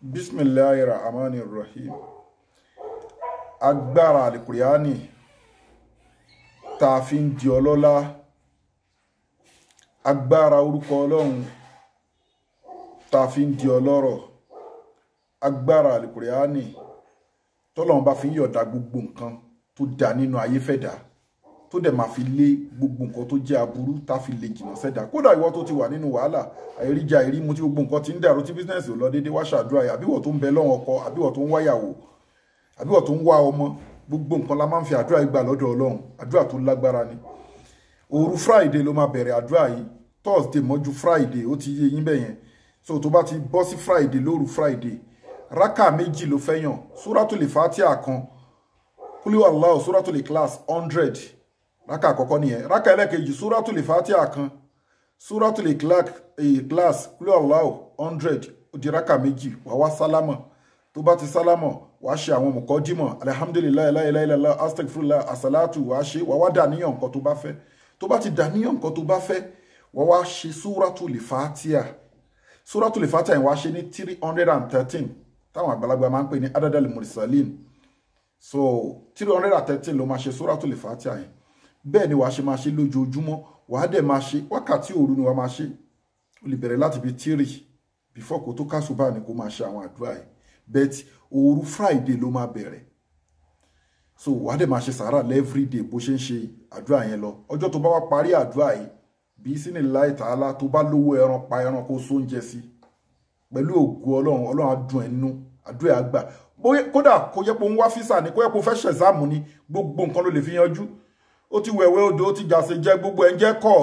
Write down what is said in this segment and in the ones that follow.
bisimilahi rahmani rahim agbára alikuriani tá a fi ń di ọlọ́lá agbára orúkọ ọlọ́run tá a fi ń di ọlọ́rọ̀ agbára alikuriani tọ́lọ́run bá fi ń yọ̀dá gbogbo nǹkan tó dá nínú ayé fẹ́ dáa tó dẹ̀ máa fi lé gbogbo nǹkan tó jẹ́ aburú tá a fi lè jìnnà sẹ́dá kódà ìwọ tó ti wà nínú wàhálà àìríjà àìrímu tí gbogbo nǹkan ti ń dàrú tí bísínẹ́sì ò lọ déédéé wá ṣàdúrà yà àbíwọ̀ tó ń bẹ lọ́wọ́ ọkọ àbíwọ̀ tó ń wáyàwó àbíwọ̀ tó ń wá ọmọ gbogbo nǹkan la máa ń fi àdúrà gbà lọ́dọ̀ ọlọ́run àdúrà tó lágbára ni òru friday ló máa bẹ̀rẹ̀ àdúrà yìí thursday mọ́jú friday ó ti yé yín bẹ́ẹ̀ yẹn so tó bá ti bọ́ sí friday lóru friday Raka méjì ló fẹ́ yàn sóràtò lè fatia kan kúlíwàlá ò sóràtò lè class hundred rákà àkọ́kọ́ nìyẹn rákà ẹlẹ́kejì súrátùlì fatiha kan súrátùlì class kúlẹ̀ ọ̀láwò hundred ó di rákà méjì wà wá sálámọ̀ tó bá ti sálámọ̀ wàá ṣe àwọn mọ̀kọ́ dímọ̀ alihamudulilayi láyéláyéláyé astagfirullah asalatu wàá ṣe wàá wá dàníyàn nǹkan tó bá fẹ́ tó bá ti dàníyàn nǹkan tó bá fẹ́ wàá wá ṣe súrátùlì fatiha súrátùlì fatiha yẹn wàá ṣe ní three hundred and thirteen táwọn àgbàlagbà máa ń pè ní adadali murisalin so three hundred and thirteen ló máa ṣe súrátùlì fatiha yẹn bẹ́ẹ̀ ni wàá ṣe máa ṣe lójoojúmọ́ wàá dẹ̀ máa ṣe wákàtí òru ni wàá máa ṣe o lè bẹ̀rẹ̀ láti bíi tírì bífọ́ kó tó kásùbà ni kó máa ṣe àwọn àdúrà yìí bet òru friday ló máa bẹ̀rẹ̀ so wàá dẹ̀ máa ṣe sàárà lẹ́fírídè bó ṣe ń ṣe àdúrà yẹn lọ ọjọ́ tó bá wá parí àdúrà yìí bí sínú láì tààlà tó bá lówó ẹran pa ẹran kó sóúnjẹ sí pẹ̀lú ògùn ọlọ́run ọlọ́run á dùn ẹ̀ nínú àdúrà àgbà kódà kó yẹ pé ń wá físà ni kó yẹ pé ó fẹ́ ṣẹ̀záàmù ni gbogbo nǹkan ló lè fi yanjú ó ti wẹ̀wẹ̀ odò ó ti jàsè jẹ gbogbo ẹ̀ ń jẹ́ kọ̀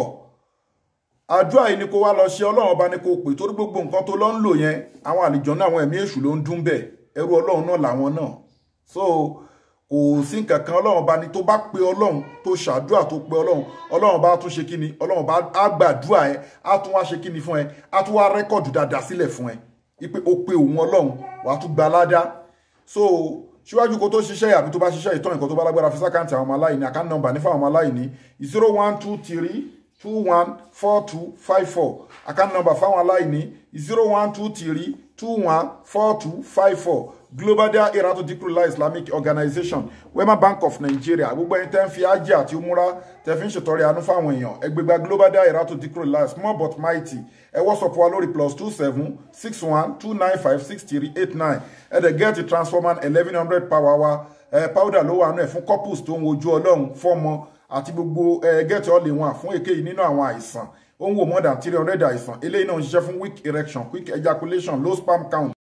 àdúrà yìí ni kó wá lọ ṣe ọlọ́run ọba ni kó pè torí gbogbo nǹkan tó lọ ń lò yẹn àwọn àlejò náà àwọn ẹ̀mí èṣù ló ń dún bẹ́ẹ̀ ẹrú ọlọ́run náà làwọn náà so kò sí nǹkan kan ọlọ́run ọba ni tó bá pe ọlọ́run tó ṣàdúrà tó pe ọlọ́run ọlọ́run ọba á tún ṣe kí ni ọlọ́run ọba á gbàdúrà ẹ á tún wá ṣe kí ni fún ẹ á tún wá rẹ́kọ̀dù dáadáa sílẹ̀ fún ẹ ipe o pe òun ọlọ́run wàá tún gbaládá so síwájú kó tó ṣiṣẹ́ àbí tó bá ṣiṣẹ́ ìtọ́ nǹkan tó bá lágbára fi sákàǹtì àwọn ọmọ aláìní àkáǹtì nífà àwọn aláìní zero one two three two one four two five four account number fáwọn aláìní zero one two three two one four two five four global dahiratu dhikrlahi islamic organization wema bank of nigeria gbogbo ẹni tẹ́ ń fi ájì àti umura tẹ́ fi ń ṣètọrẹ àánú fáwọn èèyàn ẹgbẹgba global dahiratu dhikrlahi small but mighty ẹ wọ́sọ̀pọ̀ wa lórí plus two seven six one two nine five six three eight nine ẹ dẹ̀ gẹ́ẹ̀tì transformer eleven hundred power wa ẹ powder ló wà nù ẹ̀ fún couples tó ń wojú ọlọ́run fọ́mọ àti gbogbo ẹgẹ́tì ọ̀lẹ̀ wọn fún èkéyìí nínú àwọn àìsàn ó ń wò more than three hundred àìsàn eléyìí náà ń ṣiṣẹ́ fún weak erection quick ejaculation low sperm count